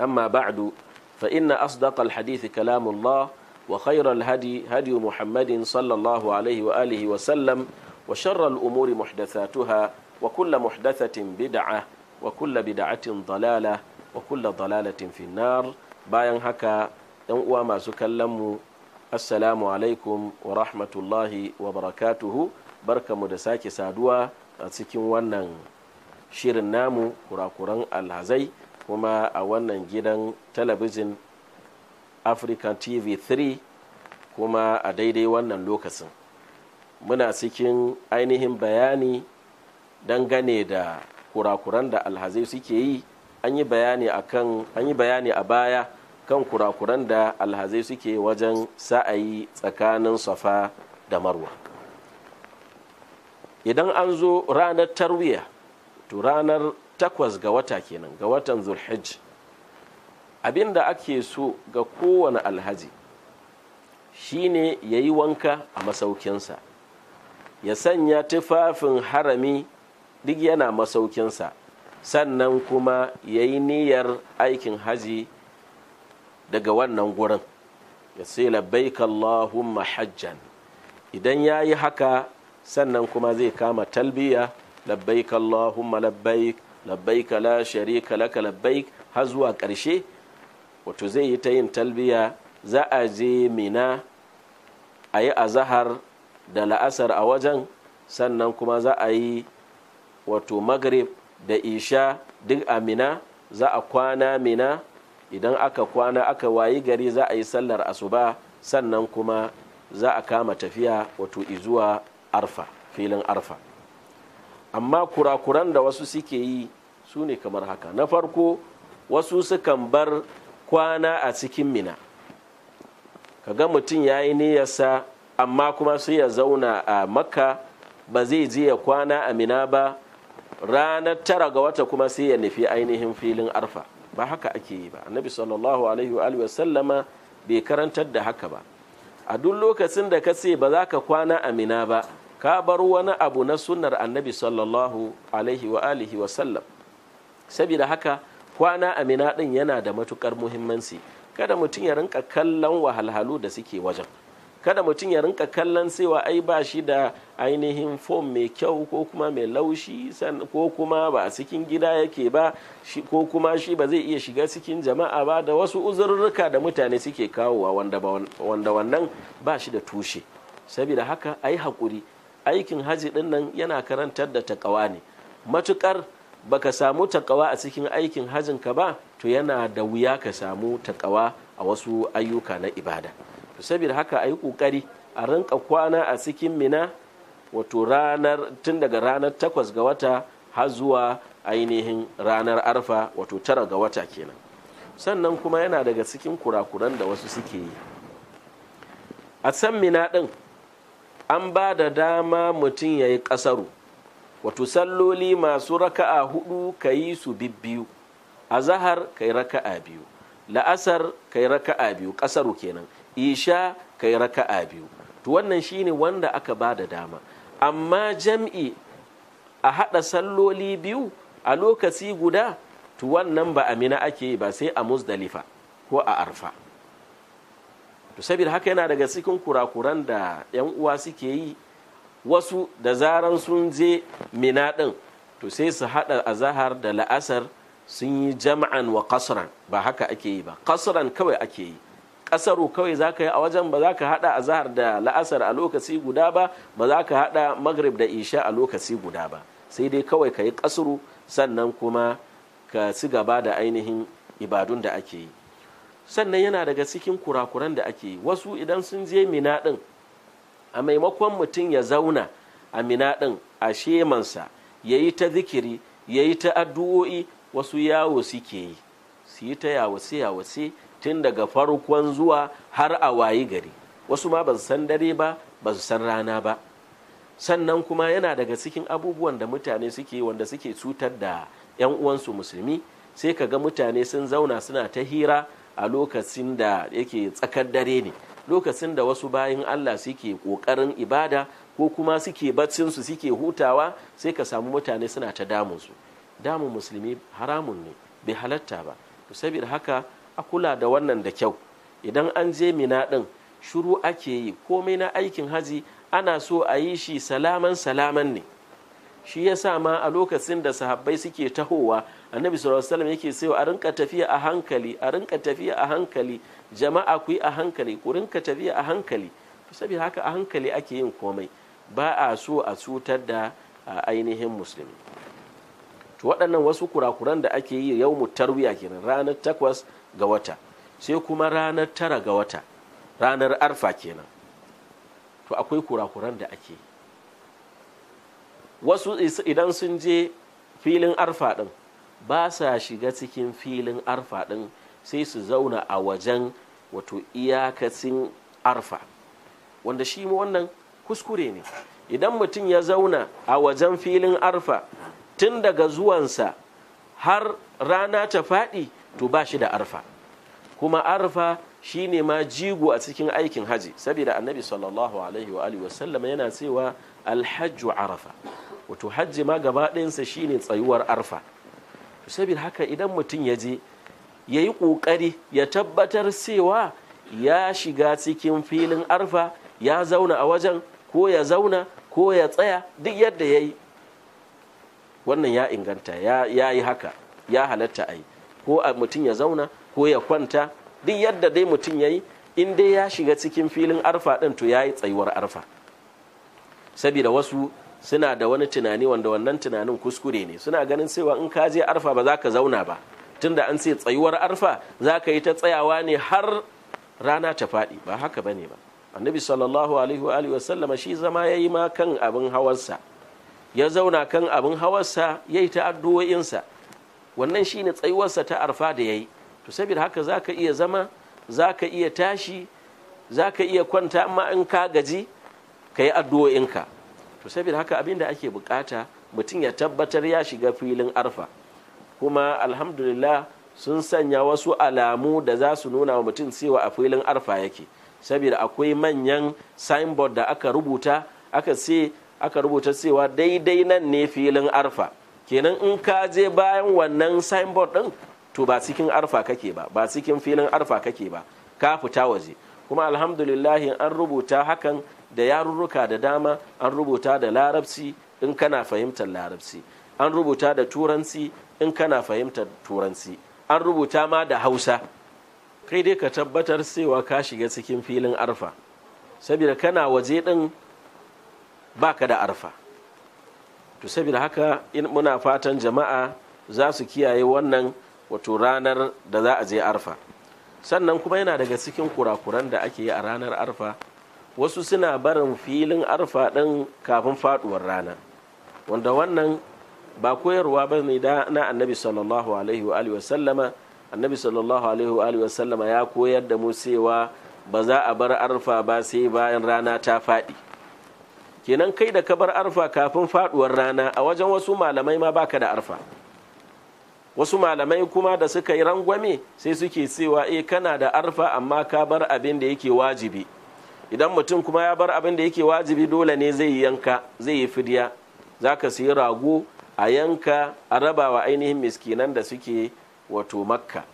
أما بعد فإن أصدق الحديث كلام الله وخير الهدي هدي محمد صلى الله عليه وآله وسلم وشر الأمور محدثاتها وكل محدثة بدعة وكل بدعة ضلالة وكل ضلالة في النار باين هكا ينقوى ما سكلم السلام عليكم ورحمة الله وبركاته بركة مدساك سادوا أتسكين ونن shirin namu kurakuran alhazai kuma a wannan gidan talabijin african tv 3 kuma a daidai wannan lokacin muna cikin ainihin bayani dangane da kurakuran da alhazai suke yi an yi bayani a baya kan kurakuran da alhazai suke wajen sa'ayi tsakanin safa da marwa idan an zo ranar tarwiya to ranar takwas ga wata kenan ga watan zulhijj da ake so ga kowane alhaji shine ya yi wanka a masaukinsa ya sanya tufafin harami duk yana masaukinsa sannan kuma ya yi niyyar aikin haji daga wannan gurin ya sai labai Allahumma hajjan idan ya yi haka sannan kuma zai kama talbiya labai Allahumma labbaik labbaika la sharika laka labbaik har zuwa ƙarshe wato zai yi ta yin talbiya za a je mina a yi azahar da la'asar a wajen sannan kuma za a yi wato maghrib da isha duk a mina za a kwana mina idan aka kwana aka wayi gari za a yi sallar asuba sannan kuma za a kama tafiya wato izuwa arfa filin arfa amma kurakuran da wasu suke yi su ne kamar haka na farko wasu sukan bar kwana a cikin mina ga mutum ya yi niyyarsa amma kuma su ya zauna a makka ba zai je ya kwana a mina ba ranar tara ga wata kuma sai ya nufi ainihin filin arfa ba haka ake yi ba annabi sallallahu alaihi wa sallama bai karantar da haka ba a duk lokacin da ka ce ba za ka kwana a mina ba ka bar wani abu na sunnar annabi sallallahu alaihi wa alihi wa sallam saboda haka kwana a mina din yana da matukar muhimmanci kada mutum ya rinka kallon wahalhalu da suke wajen kada mutum ya rinka kallon cewa ai ba shi da ainihin fom mai kyau ko kuma mai laushi ko kuma ba a cikin gida yake ba ko kuma shi ba zai iya shiga cikin jama'a ba da wasu uzurruka da mutane suke kawowa wanda wannan ba shi da tushe saboda haka ai hakuri aikin haji ɗin yana karantar da taƙawa ne matuƙar baka samu takawa a cikin aikin hajin ka ba to yana da wuya ka samu takawa a wasu ayyuka na ibada to saboda haka ayi kokari a rinka kwana a cikin mina wato ranar tun daga ranar takwas ga wata har zuwa ainihin ranar arfa wato tara ga wata kenan sannan kuma yana daga cikin kurakuran da wasu suke yi a san mina ɗin an ba da dama mutum ya yi ƙasaru wato salloli masu raka'a hudu ka yi su bibbiyu a zahar ka yi raka'a biyu la'asar ka yi raka'a biyu ƙasaru kenan isha ka yi raka'a biyu to wannan shine wanda aka ba da dama amma jam'i a haɗa salloli biyu a lokaci guda to wannan ba amina ake yi ba sai a musdalifa ko a arfa to saboda haka yana daga cikin kurakuran da 'yan uwa suke yi wasu da zaran sun je mina ɗin to sai su haɗa azahar da la'asar sun yi jama'an wa kasran ba haka ake yi ba kasran kawai ake yi kasaru kawai za ka yi a wajen ba za ka haɗa azahar da la'asar a lokaci guda ba ba za ka haɗa maghrib da isha a lokaci guda ba sai dai kawai ka yi kasaru sannan kuma ka ci gaba da ainihin ibadun da ake yi sannan yana daga cikin kurakuran da ake yi wasu idan sun je mina ɗin a maimakon mutum ya zauna a mina ɗin a shemansa ya yi ta zikiri ya yi ta addu'o'i wasu yawo suke yi su yi ta yawace yawace tun daga farkon zuwa har a wayi gari wasu ma ba su san dare ba ba su san rana ba sannan kuma yana daga cikin abubuwan da mutane suke wanda suke cutar da 'yan uwansu musulmi sai ka ga mutane sun zauna suna ta hira a lokacin da yake tsakar dare ne lokacin da wasu bayan Allah suke ƙoƙarin ibada ko kuma suke baccinsu suke hutawa sai ka samu mutane suna ta damunsu damun musulmi haramun ne bai halatta ba saboda haka a kula da wannan da kyau idan an je mina ɗin shiru ake yi komai na aikin haji ana so a yi shi salaman salaman ne shi ya sa ma a lokacin da sahabbai suke tahowa annabi sallallahu alaihi yake cewa a rinka tafiya a hankali a rinka tafiya a hankali jama'a ku yi a hankali ku rinka tafiya a hankali saboda haka a hankali ake yin komai ba a so a cutar da ainihin musulmi to waɗannan wasu kurakuran da ake yi yau tarwiya kenan ranar takwas ga wata sai kuma ranar tara ga wata ranar arfa kenan to akwai kurakuran da ake yi wasu idan sun je filin arfa ɗin ba sa shiga cikin filin arfa ɗin sai su zauna a wajen wato iyakacin arfa wanda shi wannan kuskure ne idan mutum ya zauna a wajen filin arfa tun daga zuwansa har rana ta faɗi to ba shi da arfa kuma arfa shi ne ma jigo a cikin aikin haji saboda annabi sallallahu alaihi wa yana cewa alhajju arafa wato hajji ma gaba ɗayansa shine tsayuwar arfa saboda haka idan mutum ya je ya yi ƙoƙari ya tabbatar cewa ya shiga cikin filin arfa ya zauna a wajen ko ya zauna ko ya tsaya duk yadda ya yi wannan ya inganta ya yi haka ya halatta a yi ko mutum ya zauna ko ya kwanta duk yadda dai mutum ya yi in dai ya shiga cikin filin arfa ɗin to ya yi tsayuwar arfa saboda wasu suna da wani tunani wanda wannan tunanin kuskure ne suna ganin cewa in ka je arfa ba za ka zauna ba tunda an ce tsayuwar arfa za ka yi ta tsayawa ne har rana ta faɗi ba haka ba ne ba annabi sallallahu alaihi wa sallama shi zama ya yi ma kan abin hawarsa ya zauna kan abin hawarsa ya yi ta addu'o'insa wannan shi ne tsayuwarsa ta arfa da ya yi to saboda haka za ka iya zama za ka iya tashi za ka iya kwanta amma in ka gaji ka yi addu'o'inka to saboda haka abin da ake bukata mutum ya tabbatar ya shiga filin arfa kuma alhamdulillah sun sanya wasu alamu da za su nuna wa mutum cewa a filin arfa yake saboda akwai manyan signboard da aka rubuta aka ce aka rubuta cewa daidai nan ne filin arfa kenan in ka je bayan wannan signboard din to ba cikin arfa kake ba ba cikin filin arfa kake ba ka fita waje kuma alhamdulillah an rubuta hakan da yarurruka da dama an rubuta da larabci in kana fahimtar larabci an rubuta da turanci in kana fahimtar turanci an rubuta ma da hausa kai dai ka tabbatar cewa ka shiga cikin filin arfa saboda kana waje ɗin baka da arfa to saboda haka in muna fatan jama'a za su kiyaye wannan wato ranar da za a je arfa sannan kuma yana daga cikin kurakuran da ake yi a ranar arfa wasu suna barin filin arfa ɗin kafin faɗuwar rana wanda wannan ba koyarwa ba ne da na annabi sallallahu alaihi wa sallama annabi sallallahu alaihi wa sallama ya koyar da mu cewa ba za a bar arfa ba sai bayan rana ta faɗi kenan kai da ka bar arfa kafin faɗuwar rana a wajen wasu malamai ma baka da arfa wasu malamai kuma da suka yi rangwame sai suke cewa eh kana da arfa amma ka bar abin da yake wajibi idan mutum kuma ya bar abin da yake wajibi dole ne zai yi yanka zai yi firiya za ka siyi rago a yanka a rabawa ainihin miskinan da suke wato makka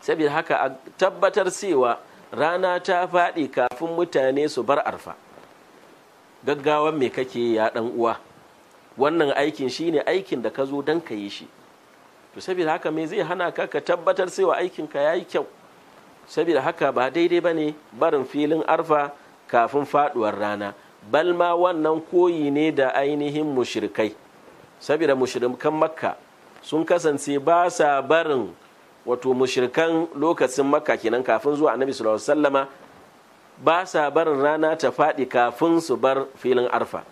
saboda haka a tabbatar cewa rana ta faɗi kafin mutane su bar arfa gaggawan me kake ya ɗan uwa wannan aikin shine aikin da ka zo don ka yi shi to saboda haka me zai hana ka ka tabbatar cewa aikinka ya yi kyau saboda haka ba daidai ba ne barin filin arfa kafin faduwar rana balma wannan koyi ne da ainihin mushrikai saboda mushirkan makka sun kasance ba sa barin wato mushirkan lokacin makka kenan kafin zuwa annabi sallallahu alaihi wasallama ba sa barin rana ta faɗi kafin su bar filin arfa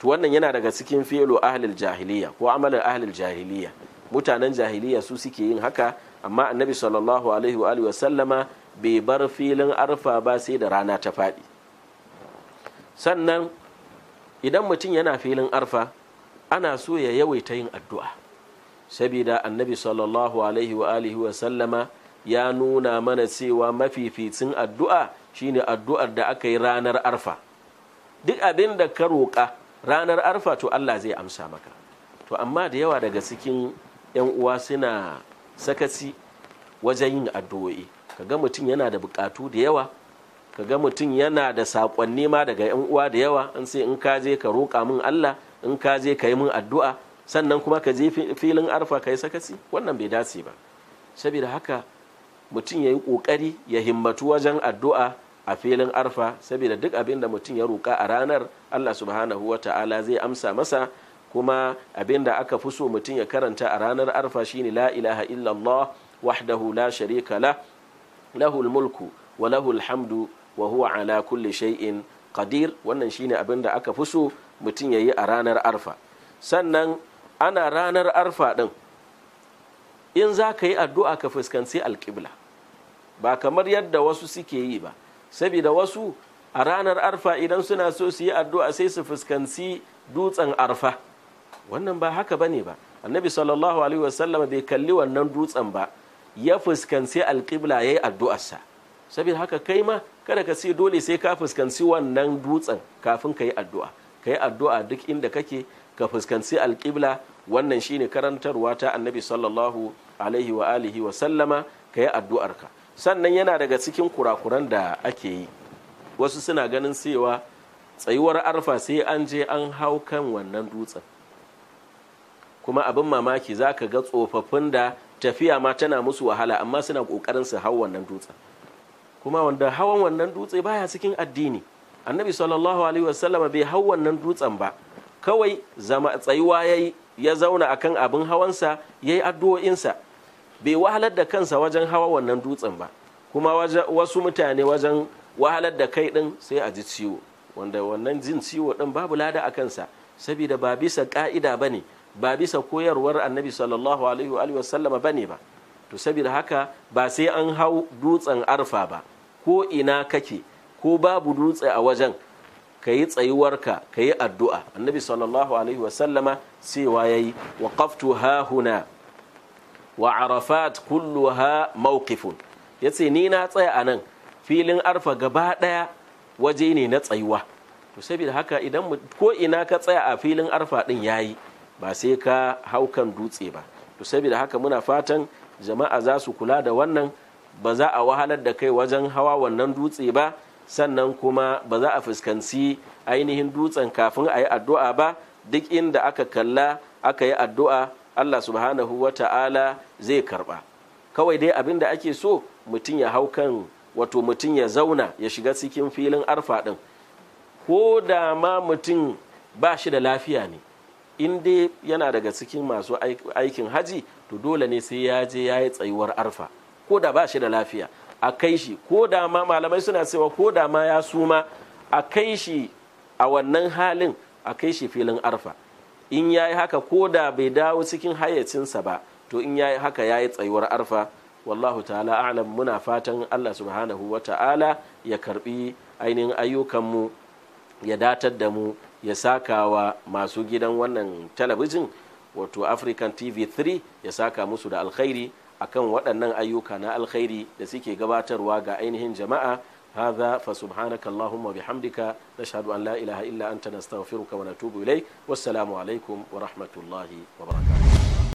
to wannan yana daga cikin filo ahlil jahiliya ko amalar ahlil jahiliya mutanen jahiliya su suke yin haka amma annabi sallallahu alaihi wa alihi sallama bai bar filin arfa ba sai da rana ta faɗi sannan idan mutum yana filin arfa ana so ya yawaita yin addu'a sabida annabi sallallahu alaihi wa alihi sallama ya nuna mana cewa mafificin addu'a shine addu'ar da aka yi ranar arfa duk abin da ka roƙa ranar arfa to Allah zai amsa maka to amma da yawa daga cikin 'yan uwa suna sakaci wajen yin addu'o'i ka ga mutum yana da bukatu da yawa kaga mutum yana da saƙonni ma daga yan uwa da yawa in sai in ka je ka roƙa min Allah in ka je ka yi min addu'a sannan kuma ka je filin arfa ka yi sakaci wannan bai dace ba saboda haka mutum ya yi ƙoƙari ya himmatu wajen addu'a a filin arfa saboda duk abin da mutum ya roƙa a ranar Allah subhanahu wa ta'ala zai amsa masa kuma abinda aka fi so mutum ya karanta a ranar arfa shine la ilaha illallah wahdahu la sharika la lahul mulku wa lahul hamdu wa huwa ala kulli shay'in qadir wannan shine abinda aka fi so mutum ya yi a ranar arfa sannan ana ranar arfa din in za ka yi addu'a ka fuskanci alƙibla ba kamar yadda wasu suke yi ba saboda wasu a ranar arfa idan suna so su yi addu'a sai su fuskanci dutsen arfa wannan ba haka bane ba annabi sallallahu alaihi wasallam bai kalli wannan dutsen ba ya fuskanci alƙibla yayi sa saboda haka kai ma kada ka sai dole sai ka fuskanci wannan dutsen kafin ka yi addu'a ka yi addu'a duk inda kake ka fuskanci alƙibla wannan shine karantarwa ta annabi sallallahu alaihi wa alihi wa sallama ka yi ka sannan yana daga cikin kurakuran da ake yi wasu suna ganin cewa tsayuwar arfa sai an je an hau kan wannan dutsen kuma abin mamaki za ka ga tsofaffin da tafiya ma tana musu wahala amma suna ƙoƙarin su hau wannan dutsen kuma wanda hawan wannan dutse baya cikin addini annabi sallallahu alaihi wasallam bai hau wannan dutsen ba kawai zama tsayuwa yayi ya zauna akan abin hawansa yayi addu'o'insa bai wahalar da kansa wajen hawa wannan dutsen ba kuma wasu mutane wajen wahalar da kai din sai a ji ciwo wanda wannan jin ciwo din babu lada a kansa saboda ba bisa ka'ida bane ba bisa koyarwar annabi sallallahu alaihi wa sallama bane ba to saboda haka ba sai an hau dutsen arfa ba ko ina kake ko babu dutse a wajen ka yi tsayuwarka ka yi addu'a annabi sallallahu alaihi wasallama cewa ya yi wa kaftu ha huna wa arafat kullu ha mawqifun ya ce ni na tsaya a nan filin arfa gaba ɗaya waje ne na tsayuwa to saboda haka idan ko ina ka tsaya a filin arfa ɗin yayi. ba sai ka haukan dutse ba to saboda haka muna fatan jama'a za su kula da wannan ba za a wahalar da kai wajen hawa wannan dutse ba sannan kuma ba za a fuskanci ainihin dutsen kafin a yi addu'a ba duk inda aka kalla aka yi addu'a allah subhanahu wa ta'ala zai karba kawai dai abin da ake so mutum ya hau kan wato mutum ya zauna ya shiga cikin filin arfa ɗin ko da ma mutum ba shi da lafiya ne in dai yana daga cikin masu aikin haji to dole ne sai ya je ya yi tsayuwar arfa ko da ba shi da lafiya a kai shi ko da ma malamai suna cewa ko da ma ya suma a kai shi a wannan halin a kai shi filin arfa in ya yi haka ko da bai dawo cikin hayyacinsa ba to in ya yi haka ya yi tsayuwar arfa wallahu ta'ala alam muna fatan allah subhanahu wa ta'ala ya karbi ainihin ayyukanmu ya datar da mu ya saka wa masu gidan wannan talabijin wato african tv 3 ya saka musu da alkhairi akan waɗannan ayyuka na alkhairi da suke gabatarwa ga ainihin jama'a هذا فسبحانك اللهم وبحمدك نشهد أن لا إله إلا أنت نستغفرك ونتوب إليك والسلام عليكم ورحمة الله وبركاته